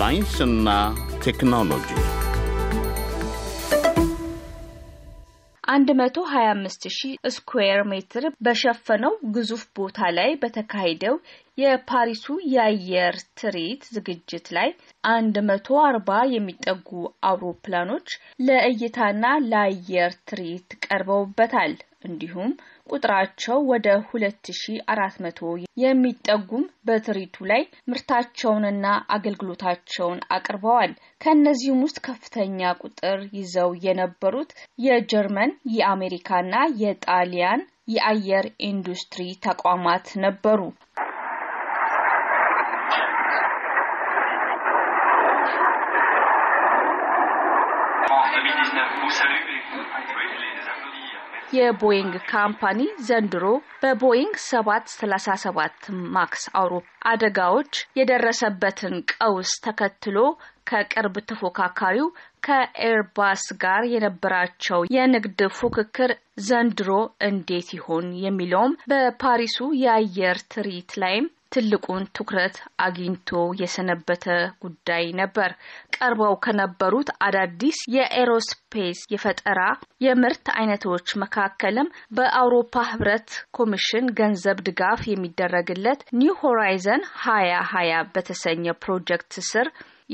ሳይንስና ቴክኖሎጂ 125000 ስኩዌር ሜትር በሸፈነው ግዙፍ ቦታ ላይ በተካሄደው የፓሪሱ የአየር ትርኢት ዝግጅት ላይ 140 የሚጠጉ አውሮፕላኖች ለእይታና ለአየር ትርኢት ቀርበውበታል። እንዲሁም ቁጥራቸው ወደ 2400 የሚጠጉም በትርኢቱ ላይ ምርታቸውንና አገልግሎታቸውን አቅርበዋል። ከእነዚህም ውስጥ ከፍተኛ ቁጥር ይዘው የነበሩት የጀርመን፣ የአሜሪካና የጣሊያን የአየር ኢንዱስትሪ ተቋማት ነበሩ። የቦይንግ ካምፓኒ ዘንድሮ በቦይንግ 737 ማክስ አውሮ አደጋዎች የደረሰበትን ቀውስ ተከትሎ ከቅርብ ተፎካካሪው ከኤርባስ ጋር የነበራቸው የንግድ ፉክክር ዘንድሮ እንዴት ይሆን የሚለውም በፓሪሱ የአየር ትርኢት ላይም ትልቁን ትኩረት አግኝቶ የሰነበተ ጉዳይ ነበር። ቀርበው ከነበሩት አዳዲስ የኤሮስፔስ የፈጠራ የምርት አይነቶች መካከልም በአውሮፓ ህብረት ኮሚሽን ገንዘብ ድጋፍ የሚደረግለት ኒው ሆራይዘን ሀያ ሀያ በተሰኘ ፕሮጀክት ስር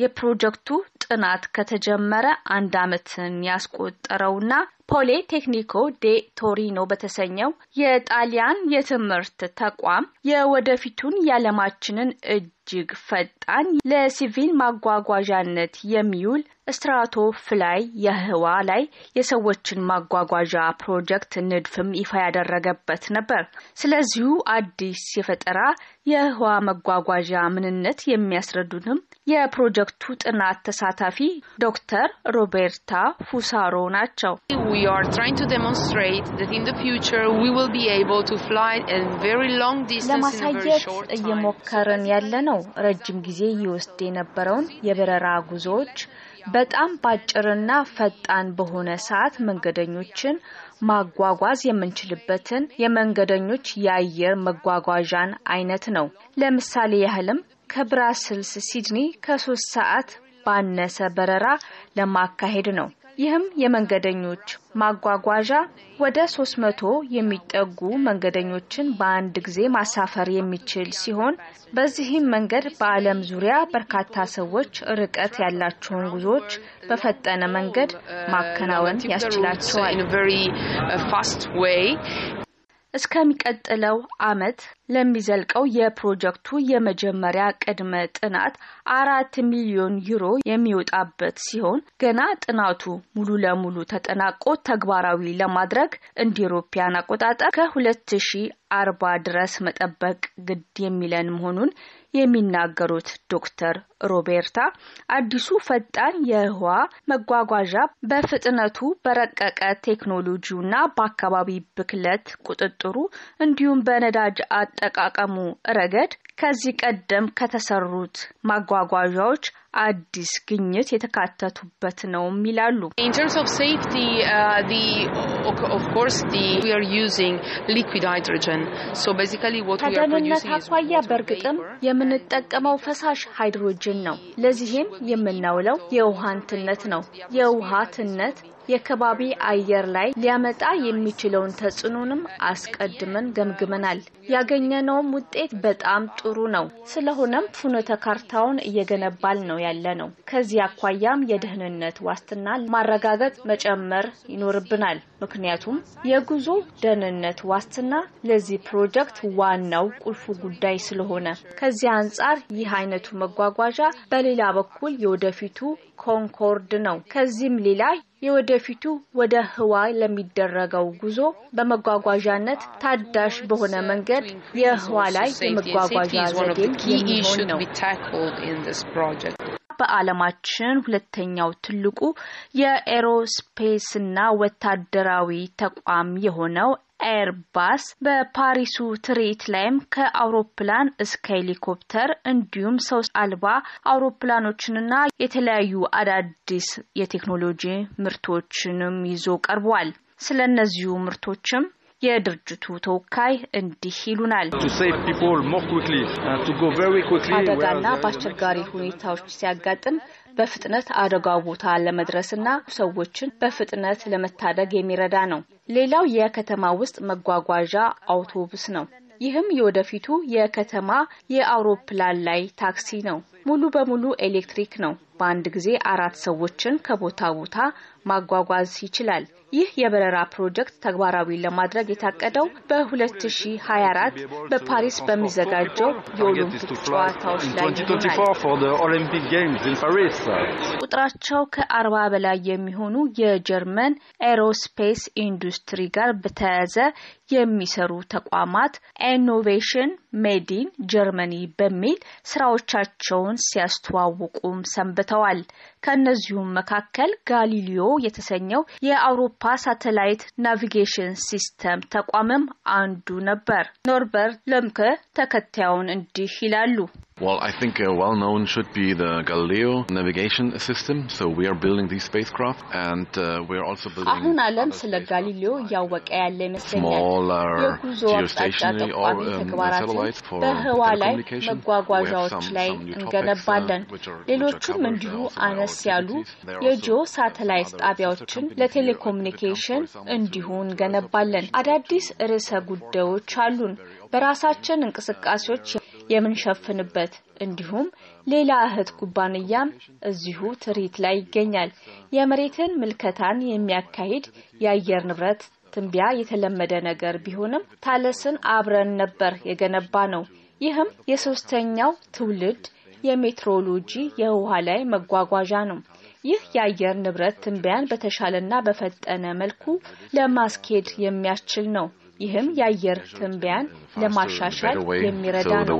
የፕሮጀክቱ ጥናት ከተጀመረ አንድ ዓመትን ያስቆጠረውና ፖሊቴክኒኮ ዴ ቶሪኖ በተሰኘው የጣሊያን የትምህርት ተቋም የወደፊቱን የዓለማችንን እጅግ ፈጣን ለሲቪል ማጓጓዣነት የሚውል ስትራቶ ፍላይ የህዋ ላይ የሰዎችን ማጓጓዣ ፕሮጀክት ንድፍም ይፋ ያደረገበት ነበር። ስለዚሁ አዲስ የፈጠራ የህዋ መጓጓዣ ምንነት የሚያስረዱንም የፕሮጀክቱ ጥናት ተሳታፊ ዶክተር ሮቤርታ ፉሳሮ ናቸው። we are trying to demonstrate that in the future we will be able to fly a very long distance in a very short time. ረጅም ጊዜ ይወስድ የነበረውን የበረራ ጉዞዎች በጣም ባጭርና ፈጣን በሆነ ሰዓት መንገደኞችን ማጓጓዝ የምንችልበትን የመንገደኞች የአየር መጓጓዣን አይነት ነው። ለምሳሌ ያህልም ከብራስልስ ሲድኒ ከሶስት ሰዓት ባነሰ በረራ ለማካሄድ ነው። ይህም የመንገደኞች ማጓጓዣ ወደ 300 የሚጠጉ መንገደኞችን በአንድ ጊዜ ማሳፈር የሚችል ሲሆን በዚህም መንገድ በዓለም ዙሪያ በርካታ ሰዎች ርቀት ያላቸውን ጉዞዎች በፈጠነ መንገድ ማከናወን ያስችላቸዋል። uh, እስከሚቀጥለው ዓመት ለሚዘልቀው የፕሮጀክቱ የመጀመሪያ ቅድመ ጥናት አራት ሚሊዮን ዩሮ የሚወጣበት ሲሆን ገና ጥናቱ ሙሉ ለሙሉ ተጠናቆ ተግባራዊ ለማድረግ እንደ ኢሮፓያን አቆጣጠር ከሁለት ሺ አርባ ድረስ መጠበቅ ግድ የሚለን መሆኑን የሚናገሩት ዶክተር ሮቤርታ አዲሱ ፈጣን የህዋ መጓጓዣ በፍጥነቱ በረቀቀ ቴክኖሎጂውና በአካባቢ ብክለት ቁጥጥሩ እንዲሁም በነዳጅ አጠቃቀሙ ረገድ ከዚህ ቀደም ከተሰሩት ማጓጓዣዎች አዲስ ግኝት የተካተቱበት ነው ይላሉ። uh, ከደህንነት አኳያ በእርግጥም የምንጠቀመው ፈሳሽ ሃይድሮጅን ነው። ለዚህም የምናውለው የውሃን ትነት ነው። የውሃ ትነት የከባቢ አየር ላይ ሊያመጣ የሚችለውን ተጽዕኖንም አስቀድመን ገምግመናል። ያገኘነውም ውጤት በጣም ጥሩ ነው። ስለሆነም ፍኖተ ካርታውን እየገነባል ነው ያለ ነው። ከዚህ አኳያም የደህንነት ዋስትና ማረጋገጥ መጨመር ይኖርብናል። ምክንያቱም የጉዞ ደህንነት ዋስትና ለዚህ ፕሮጀክት ዋናው ቁልፉ ጉዳይ ስለሆነ ከዚህ አንጻር ይህ አይነቱ መጓጓዣ በሌላ በኩል የወደፊቱ ኮንኮርድ ነው። ከዚህም ሌላ የወደፊቱ ወደ ህዋ ለሚደረገው ጉዞ በመጓጓዣነት ታዳሽ በሆነ መንገድ ረገድ የህዋ ላይ የመጓጓዣ ዘዴ የሚሆን ነው። በዓለማችን ሁለተኛው ትልቁ የኤሮስፔስና ወታደራዊ ተቋም የሆነው ኤርባስ በፓሪሱ ትርኢት ላይም ከአውሮፕላን እስከ ሄሊኮፕተር እንዲሁም ሰው አልባ አውሮፕላኖችንና የተለያዩ አዳዲስ የቴክኖሎጂ ምርቶችንም ይዞ ቀርቧል። ስለ እነዚሁ ምርቶችም የድርጅቱ ተወካይ እንዲህ ይሉናል። uh, አደጋና በአስቸጋሪ ሁኔታዎች ሲያጋጥም በፍጥነት አደጋው ቦታ ለመድረስና ሰዎችን በፍጥነት ለመታደግ የሚረዳ ነው። ሌላው የከተማ ውስጥ መጓጓዣ አውቶቡስ ነው። ይህም የወደፊቱ የከተማ የአውሮፕላን ላይ ታክሲ ነው። ሙሉ በሙሉ ኤሌክትሪክ ነው። በአንድ ጊዜ አራት ሰዎችን ከቦታ ቦታ ማጓጓዝ ይችላል። ይህ የበረራ ፕሮጀክት ተግባራዊ ለማድረግ የታቀደው በ2024 በፓሪስ በሚዘጋጀው የኦሎምፒክ ጨዋታዎች ላይ ይሆናል። ቁጥራቸው ከ40 በላይ የሚሆኑ የጀርመን ኤሮስፔስ ኢንዱስትሪ ጋር በተያያዘ የሚሰሩ ተቋማት ኢኖቬሽን ሜዲን ጀርመኒ በሚል ስራዎቻቸውን ሲያስተዋውቁም ሰንብተዋል። ከእነዚሁም መካከል ጋሊሊዮ የተሰኘው የአውሮፓ ሳተላይት ናቪጌሽን ሲስተም ተቋምም አንዱ ነበር። ኖርበርት ለምከ ተከታዩን እንዲህ ይላሉ። Well, I think uh, well known should be the Galileo navigation system. So we are building these spacecraft and uh, we are also building አሁን ዓለም ስለ ጋሊሌዮ እያወቀ ያለ ይመስለኛል። uh, የጉዞ አቅጣጫ ጠቋሚ um, ተግባራትን በህዋ ላይ መጓጓዣዎች ላይ እንገነባለን። ሌሎቹም እንዲሁ በርከት ያሉ የጂኦ ሳተላይት ጣቢያዎችን ለቴሌኮሙኒኬሽን እንዲሁ እንገነባለን። አዳዲስ ርዕሰ ጉዳዮች አሉን በራሳችን እንቅስቃሴዎች የምንሸፍንበት እንዲሁም ሌላ እህት ኩባንያም እዚሁ ትርኢት ላይ ይገኛል። የመሬትን ምልከታን የሚያካሂድ የአየር ንብረት ትንቢያ የተለመደ ነገር ቢሆንም ታለስን አብረን ነበር የገነባ ነው። ይህም የሶስተኛው ትውልድ የሜትሮሎጂ የውሃ ላይ መጓጓዣ ነው። ይህ የአየር ንብረት ትንበያን በተሻለና በፈጠነ መልኩ ለማስኬድ የሚያስችል ነው። ይህም የአየር ትንበያን ለማሻሻል የሚረዳ ነው።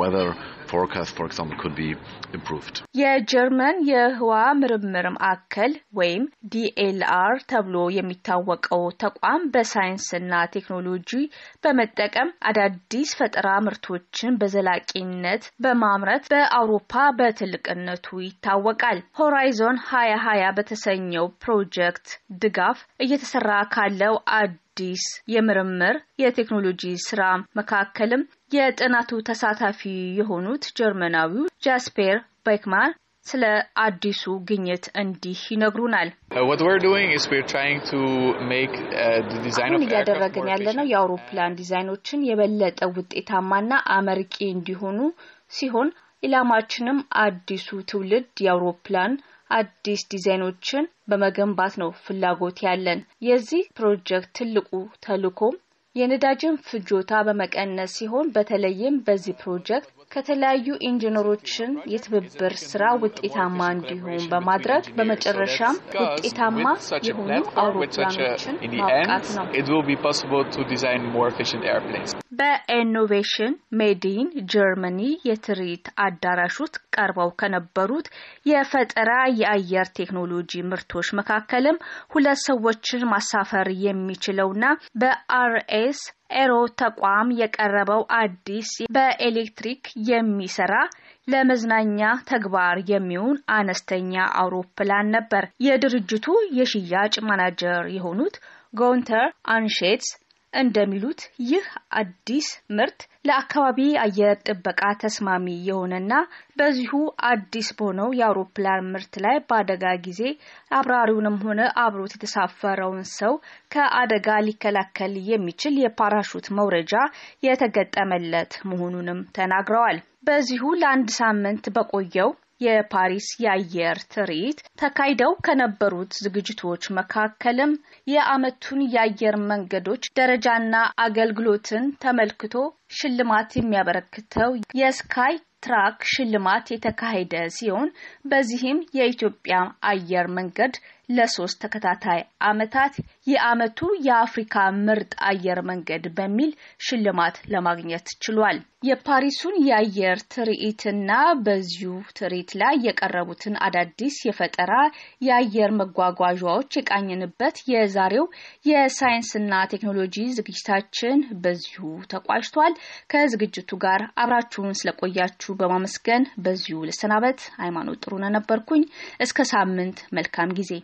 forecast, for example, could be improved. የጀርመን የህዋ ምርምር ማዕከል ወይም ዲኤልአር ተብሎ የሚታወቀው ተቋም በሳይንስና ቴክኖሎጂ በመጠቀም አዳዲስ ፈጠራ ምርቶችን በዘላቂነት በማምረት በአውሮፓ በትልቅነቱ ይታወቃል። ሆራይዞን ሀያ ሀያ በተሰኘው ፕሮጀክት ድጋፍ እየተሰራ ካለው አዲስ አዲስ የምርምር የቴክኖሎጂ ስራ መካከልም የጥናቱ ተሳታፊ የሆኑት ጀርመናዊው ጃስፔር ባይክማር ስለ አዲሱ ግኝት እንዲህ ይነግሩናል። uh, uh, አሁን እያደረግን ያለነው የአውሮፕላን ዲዛይኖችን የበለጠ ውጤታማና አመርቂ እንዲሆኑ ሲሆን ኢላማችንም አዲሱ ትውልድ የአውሮፕላን አዲስ ዲዛይኖችን በመገንባት ነው ፍላጎት ያለን። የዚህ ፕሮጀክት ትልቁ ተልዕኮም የነዳጅን ፍጆታ በመቀነስ ሲሆን በተለይም በዚህ ፕሮጀክት ከተለያዩ ኢንጂነሮችን የትብብር ስራ ውጤታማ እንዲሆን በማድረግ በመጨረሻም ውጤታማ የሆኑ አውሮፕላኖችን ማብቃት ነው። በኢኖቬሽን ሜዲን ጀርመኒ የትርኢት አዳራሽ ውስጥ ቀርበው ከነበሩት የፈጠራ የአየር ቴክኖሎጂ ምርቶች መካከልም ሁለት ሰዎችን ማሳፈር የሚችለውና በአርኤስ ኤሮ ተቋም የቀረበው አዲስ በኤሌክትሪክ የሚሰራ ለመዝናኛ ተግባር የሚሆን አነስተኛ አውሮፕላን ነበር። የድርጅቱ የሽያጭ ማናጀር የሆኑት ጎንተር አንሼትስ እንደሚሉት ይህ አዲስ ምርት ለአካባቢ አየር ጥበቃ ተስማሚ የሆነና በዚሁ አዲስ በሆነው የአውሮፕላን ምርት ላይ በአደጋ ጊዜ አብራሪውንም ሆነ አብሮት የተሳፈረውን ሰው ከአደጋ ሊከላከል የሚችል የፓራሹት መውረጃ የተገጠመለት መሆኑንም ተናግረዋል። በዚሁ ለአንድ ሳምንት በቆየው የፓሪስ የአየር ትርኢት ተካሂደው ከነበሩት ዝግጅቶች መካከልም የዓመቱን የአየር መንገዶች ደረጃና አገልግሎትን ተመልክቶ ሽልማት የሚያበረክተው የስካይ ትራክ ሽልማት የተካሄደ ሲሆን በዚህም የኢትዮጵያ አየር መንገድ ለሶስት ተከታታይ አመታት የአመቱ የአፍሪካ ምርጥ አየር መንገድ በሚል ሽልማት ለማግኘት ችሏል። የፓሪሱን የአየር ትርኢትና በዚሁ ትርኢት ላይ የቀረቡትን አዳዲስ የፈጠራ የአየር መጓጓዣዎች የቃኘንበት የዛሬው የሳይንስና ቴክኖሎጂ ዝግጅታችን በዚሁ ተቋጭቷል። ከዝግጅቱ ጋር አብራችሁን ስለቆያችሁ በማመስገን በዚሁ ልሰናበት። ሃይማኖት ጥሩነህ ነበርኩኝ። እስከ ሳምንት መልካም ጊዜ